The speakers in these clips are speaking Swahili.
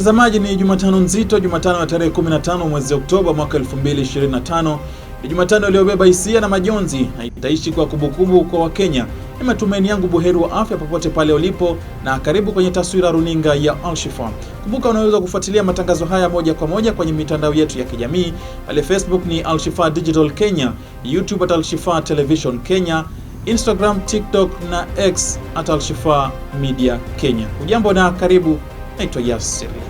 Mtazamaji, ni Jumatano nzito, Jumatano ya tarehe 15 mwezi Oktoba mwaka 2025. Ni Jumatano iliyobeba hisia na majonzi na itaishi kwa kumbukumbu kwa Wakenya. Ni matumaini yangu buheri wa afya popote pale ulipo, na karibu kwenye taswira runinga ya Alshifa. Kumbuka unaweza kufuatilia matangazo haya moja kwa moja kwenye mitandao yetu ya kijamii pale Facebook ni Alshifa Digital Kenya, YouTube at Alshifa Television Kenya, Instagram, TikTok na X at Alshifa Media Kenya. Ujambo na karibu. Naitwa Yasiri.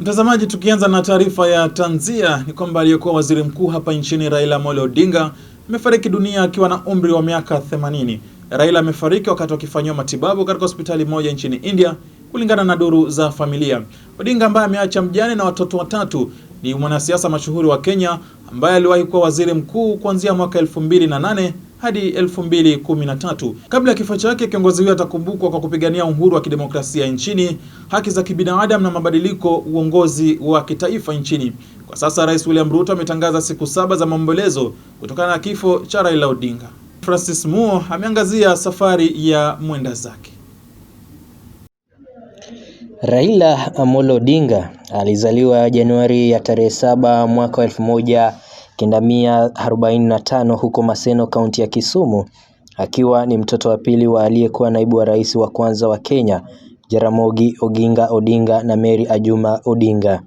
Mtazamaji, tukianza na taarifa ya tanzia ni kwamba aliyekuwa waziri mkuu hapa nchini Raila Amolo Odinga amefariki dunia akiwa na umri wa miaka 80. Raila amefariki wakati akifanyiwa matibabu katika hospitali moja nchini India, kulingana na duru za familia. Odinga ambaye ameacha mjane na watoto watatu ni mwanasiasa mashuhuri wa Kenya ambaye aliwahi kuwa waziri mkuu kuanzia mwaka 2008 hadi 2013. Kabla ya kifo chake, kiongozi huyo atakumbukwa kwa kupigania uhuru wa kidemokrasia nchini, haki za kibinadamu na mabadiliko uongozi wa kitaifa nchini. Kwa sasa Rais William Ruto ametangaza siku saba za maombolezo kutokana na kifo cha Raila Odinga. Francis Muo ameangazia safari ya mwenda zake. Raila Amolo Odinga alizaliwa Januari ya tarehe 7 mwaka mia tano huko Maseno, kaunti ya Kisumu, akiwa ni mtoto wa pili wa aliyekuwa naibu wa rais wa kwanza wa Kenya Jaramogi Oginga Odinga na Mary Ajuma Odinga.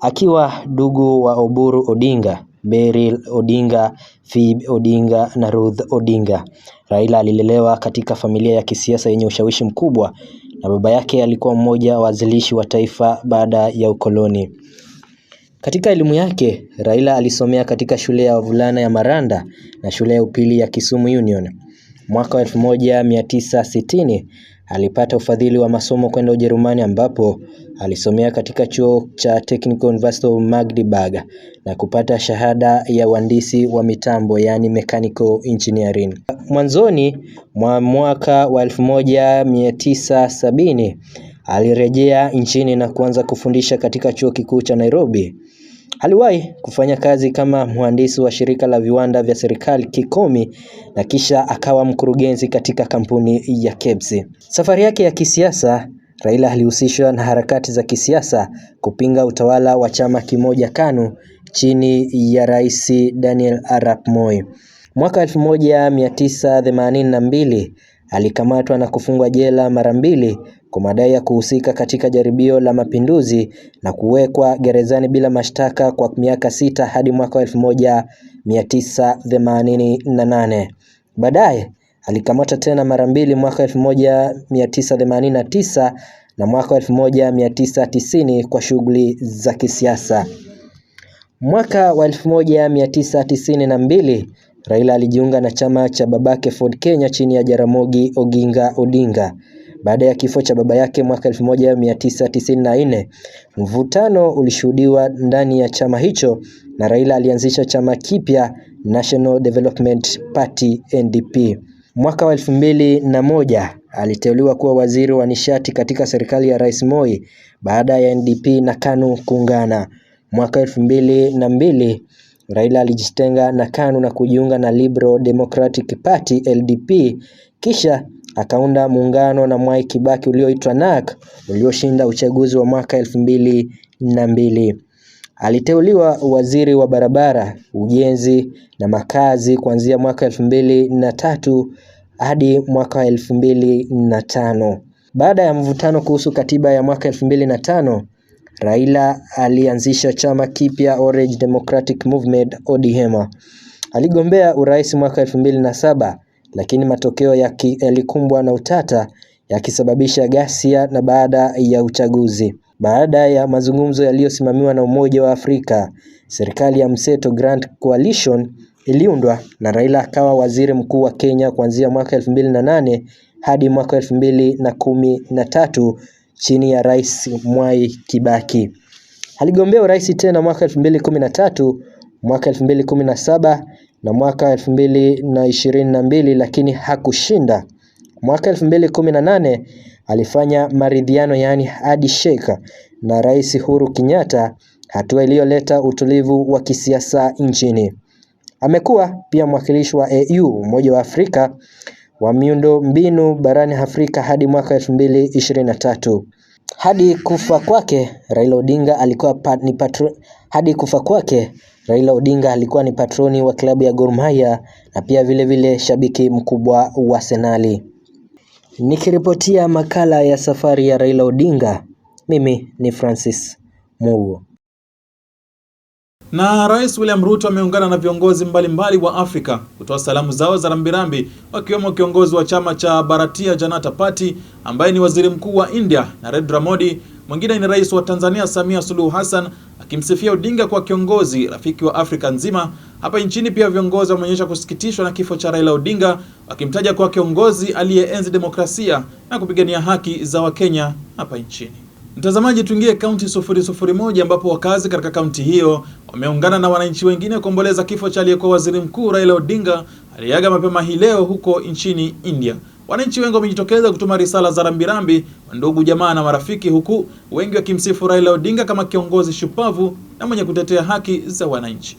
Akiwa ndugu wa Oburu Odinga, Beryl Odinga, Phebe Odinga na Ruth Odinga. Raila alilelewa katika familia ya kisiasa yenye ushawishi mkubwa na baba yake alikuwa mmoja wa wazilishi wa taifa baada ya ukoloni. Katika elimu yake, Raila alisomea katika shule ya wavulana ya Maranda na shule ya upili ya Kisumu Union. Mwaka 1960 alipata ufadhili wa masomo kwenda Ujerumani ambapo alisomea katika chuo cha Technical University of Magdeburg na kupata shahada ya uhandisi wa mitambo yani mechanical engineering. Mwanzoni mwa mwaka wa 1970 alirejea nchini na kuanza kufundisha katika chuo kikuu cha Nairobi. Aliwahi kufanya kazi kama mhandisi wa shirika la viwanda vya serikali Kikomi na kisha akawa mkurugenzi katika kampuni ya Kebsi. Safari yake ya kisiasa Raila alihusishwa na harakati za kisiasa kupinga utawala wa chama kimoja KANU chini ya Rais Daniel Arap Moi. Mwaka 1982 alikamatwa na kufungwa jela mara mbili kwa madai ya kuhusika katika jaribio la mapinduzi na kuwekwa gerezani bila mashtaka kwa miaka sita hadi mwaka wa 1988. Baadaye alikamatwa tena mara mbili mwaka 1989 na mwaka 1990 kwa shughuli za kisiasa. Mwaka wa 1992 Raila alijiunga na chama cha babake Ford Kenya chini ya Jaramogi Oginga Odinga. Baada ya kifo cha baba yake mwaka 1994, mvutano ulishuhudiwa ndani ya chama hicho na Raila alianzisha chama kipya National Development Party NDP. Mwaka wa elfu mbili na moja aliteuliwa kuwa waziri wa nishati katika serikali ya Rais Moi baada ya NDP na KANU kuungana. Mwaka elfu mbili na mbili Raila alijitenga na KANU na kujiunga na Liberal Democratic Party LDP kisha akaunda muungano na Mwai Kibaki ulioitwa NARC ulioshinda uchaguzi wa mwaka elfu mbili na mbili. Aliteuliwa waziri wa barabara, ujenzi na makazi kuanzia mwaka elfu mbili na tatu hadi mwaka elfu mbili na tano. Baada ya mvutano kuhusu katiba ya mwaka elfu mbili na tano, Raila alianzisha chama kipya Orange Democratic Movement ODM. Aligombea urais mwaka elfu mbili na saba lakini matokeo yalikumbwa na utata yakisababisha ghasia na baada ya uchaguzi. Baada ya mazungumzo yaliyosimamiwa na Umoja wa Afrika, serikali ya mseto Grand Coalition iliundwa na Raila akawa waziri mkuu wa Kenya kuanzia mwaka elfu mbili na nane hadi mwaka elfu mbili na kumi na tatu chini ya Rais Mwai Kibaki. Aligombea urais tena mwaka elfu mbili kumi na tatu, mwaka elfu mbili kumi na saba na mwaka 2022 lakini hakushinda. Mwaka 2018 alifanya maridhiano yaani hadi sheka na Rais Uhuru Kenyatta, hatua iliyoleta utulivu wa kisiasa nchini. Amekuwa pia mwakilishi wa AU Umoja wa Afrika wa miundo mbinu barani Afrika hadi mwaka 2023. Hadi kufa kwake Raila Odinga alikuwa pa, ni patro, hadi kufa kwake Raila Odinga alikuwa ni patroni wa klabu ya Gor Mahia na pia vile vile shabiki mkubwa wa Arsenal. Nikiripotia makala ya safari ya Raila Odinga, mimi ni Francis Mugo. Na Rais William Ruto ameungana na viongozi mbalimbali wa Afrika kutoa salamu zao za rambirambi, wakiwemo kiongozi wa chama cha Bharatiya Janata Party ambaye ni waziri mkuu wa India Narendra Modi. Mwingine ni rais wa Tanzania Samia Suluhu Hassan akimsifia Odinga kwa kiongozi rafiki wa Afrika nzima. Hapa nchini pia viongozi wameonyesha kusikitishwa na kifo cha Raila Odinga, wakimtaja kwa kiongozi aliyeenzi demokrasia na kupigania haki za Wakenya hapa nchini. Mtazamaji, tuingie kaunti 001 ambapo wakazi katika kaunti hiyo wameungana na wananchi wengine kuomboleza kifo cha aliyekuwa waziri mkuu Raila Odinga aliyeaga mapema hii leo huko nchini India. Wananchi wengi wamejitokeza kutuma risala za rambirambi kwa ndugu, jamaa na marafiki, huku wengi wakimsifu Raila Odinga kama kiongozi shupavu na mwenye kutetea haki za wananchi.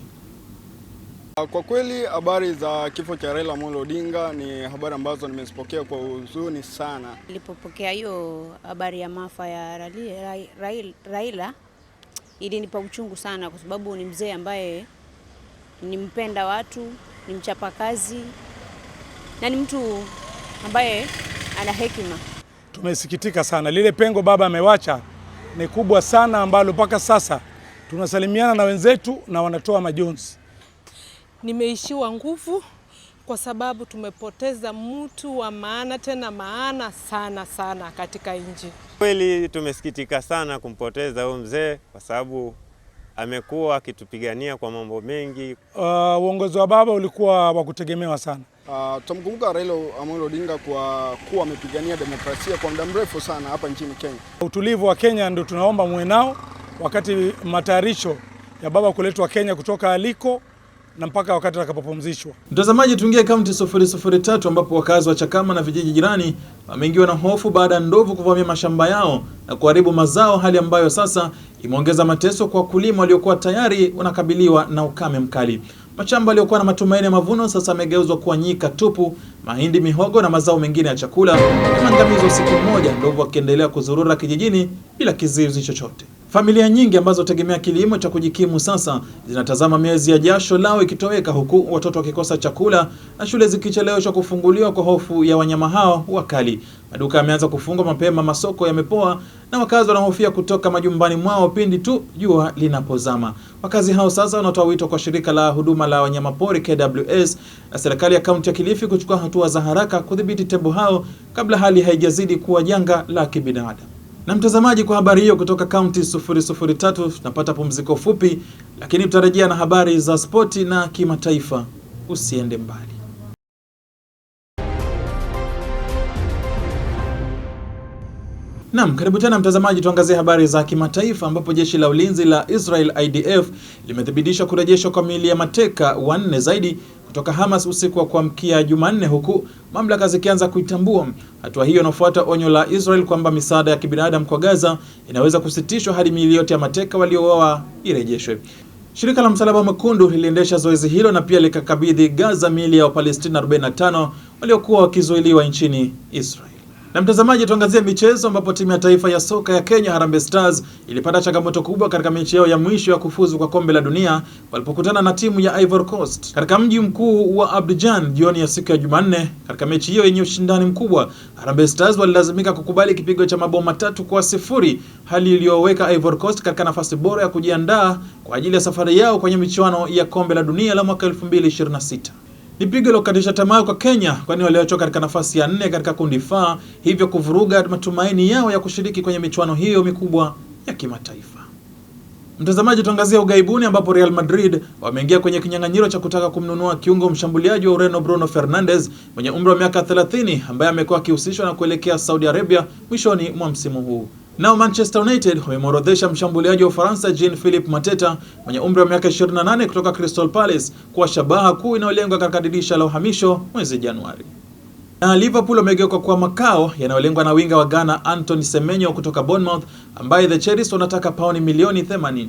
Ah, kwa kweli habari za kifo cha Raila Amolo Odinga ni habari ambazo nimezipokea kwa huzuni sana. Nilipopokea hiyo habari ya maafa ya Raila, Raila, Raila ilinipa uchungu sana, kwa sababu ni mzee ambaye ni mpenda watu, ni mchapakazi na ni mtu ambaye ana hekima. Tumesikitika sana, lile pengo baba amewacha ni kubwa sana, ambalo mpaka sasa tunasalimiana na wenzetu na wanatoa majonzi nimeishiwa nguvu kwa sababu tumepoteza mtu wa maana tena maana sana sana katika nchi. Kweli tumesikitika sana kumpoteza huyu mzee kwa sababu amekuwa akitupigania kwa mambo mengi. Uh, uongozi wa baba ulikuwa wa kutegemewa sana. Uh, tumkumbuka Raila Amolo Odinga kwa kuwa amepigania demokrasia kwa muda mrefu sana hapa nchini Kenya. Utulivu wa Kenya ndio tunaomba muwe nao wakati matayarisho ya baba kuletwa Kenya kutoka aliko na mpaka wakati atakapopumzishwa. Mtazamaji, tuingie kaunti 003 ambapo wakazi wa Chakama na vijiji jirani wameingiwa na hofu baada ya ndovu kuvamia mashamba yao na kuharibu mazao, hali ambayo sasa imeongeza mateso kwa wakulima waliokuwa tayari wanakabiliwa na ukame mkali. Mashamba yaliyokuwa na matumaini ya mavuno sasa yamegeuzwa kuwa nyika tupu, mahindi, mihogo na mazao mengine ya chakula yameangamizwa, siku moja ndovu wakiendelea kuzurura kijijini bila kizuizi chochote. Familia nyingi ambazo tegemea kilimo cha kujikimu sasa zinatazama miezi ya jasho lao ikitoweka, huku watoto wakikosa chakula na shule zikicheleweshwa kufunguliwa kwa hofu ya wanyama hao wakali. Maduka yameanza kufungwa mapema, masoko yamepoa, na wakazi wanahofia kutoka majumbani mwao pindi tu jua linapozama. Wakazi hao sasa wanatoa wito kwa shirika la huduma la wanyamapori KWS na serikali ya kaunti ya Kilifi kuchukua hatua za haraka kudhibiti tembo hao kabla hali haijazidi kuwa janga la kibinadamu. Na mtazamaji, kwa habari hiyo kutoka kaunti 003 tunapata pumziko fupi, lakini tutarejea na habari za spoti na kimataifa. Usiende mbali. Naam, karibu tena mtazamaji, tuangazie habari za kimataifa ambapo jeshi la ulinzi la Israel IDF limethibitisha kurejeshwa kwa miili ya mateka wanne zaidi kutoka Hamas usiku wa kuamkia Jumanne, huku mamlaka zikianza kuitambua hatua hiyo inafuata onyo la Israel kwamba misaada ya kibinadamu kwa Gaza inaweza kusitishwa hadi miili yote ya mateka waliouawa irejeshwe. Shirika la Msalaba Mwekundu liliendesha zoezi hilo na pia likakabidhi Gaza miili ya Wapalestina 45 waliokuwa wakizuiliwa nchini Israel. Na mtazamaji, tuangazie michezo ambapo timu ya taifa ya soka ya Kenya Harambee Stars ilipata changamoto kubwa katika mechi yao ya mwisho ya kufuzu kwa kombe la dunia walipokutana na timu ya Ivory Coast katika mji mkuu wa Abidjan jioni ya siku ya Jumanne. Katika mechi hiyo yenye ushindani mkubwa, Harambee Stars walilazimika kukubali kipigo cha mabao matatu kwa sifuri, hali iliyoweka Ivory Coast katika nafasi bora ya kujiandaa kwa ajili ya safari yao kwenye michuano ya kombe la dunia la mwaka 2026. Ni pigo lilokatisha tamaa kwa Kenya, kwani walioachwa katika nafasi ya nne katika kundi F, hivyo kuvuruga matumaini yao ya kushiriki kwenye michuano hiyo mikubwa ya kimataifa. Mtazamaji, tuangazia ugaibuni ambapo Real Madrid wameingia kwenye kinyang'anyiro cha kutaka kumnunua kiungo mshambuliaji wa Ureno Bruno Fernandes mwenye umri wa miaka 30 ambaye amekuwa akihusishwa na kuelekea Saudi Arabia mwishoni mwa msimu huu. Nao Manchester United wamemworodhesha mshambuliaji wa Ufaransa Jean-Philippe Mateta mwenye umri wa miaka 28 kutoka Crystal Palace kuwa shabaha kuu inayolengwa katika dirisha la uhamisho mwezi Januari. Na Liverpool wamegeuka kwa makao yanayolengwa na winga wa Ghana Anthony Semenyo kutoka Bournemouth ambaye the Cherries wanataka pauni milioni 80.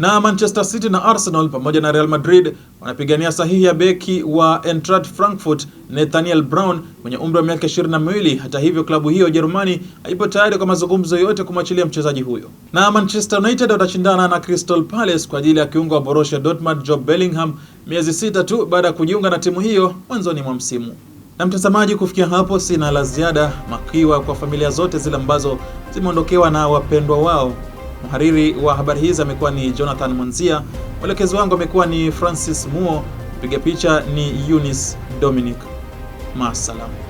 Na Manchester City na Arsenal pamoja na Real Madrid wanapigania sahihi ya beki wa Eintracht Frankfurt Nathaniel Brown mwenye umri wa miaka ishirini na miwili. Hata hivyo, klabu hiyo Ujerumani haipo tayari kwa mazungumzo yote kumwachilia mchezaji huyo. Na Manchester United watashindana na Crystal Palace kwa ajili ya kiungo wa Borussia Dortmund Job Bellingham miezi sita tu baada ya kujiunga na timu hiyo mwanzoni mwa msimu. Na mtazamaji, kufikia hapo sina la ziada, makiwa kwa familia zote zile ambazo zimeondokewa na wapendwa wao. Mhariri wa habari hizi amekuwa ni Jonathan Mwanzia, mwelekezi wangu amekuwa ni Francis Muo, mpiga picha ni Eunice Dominic. Maasalam.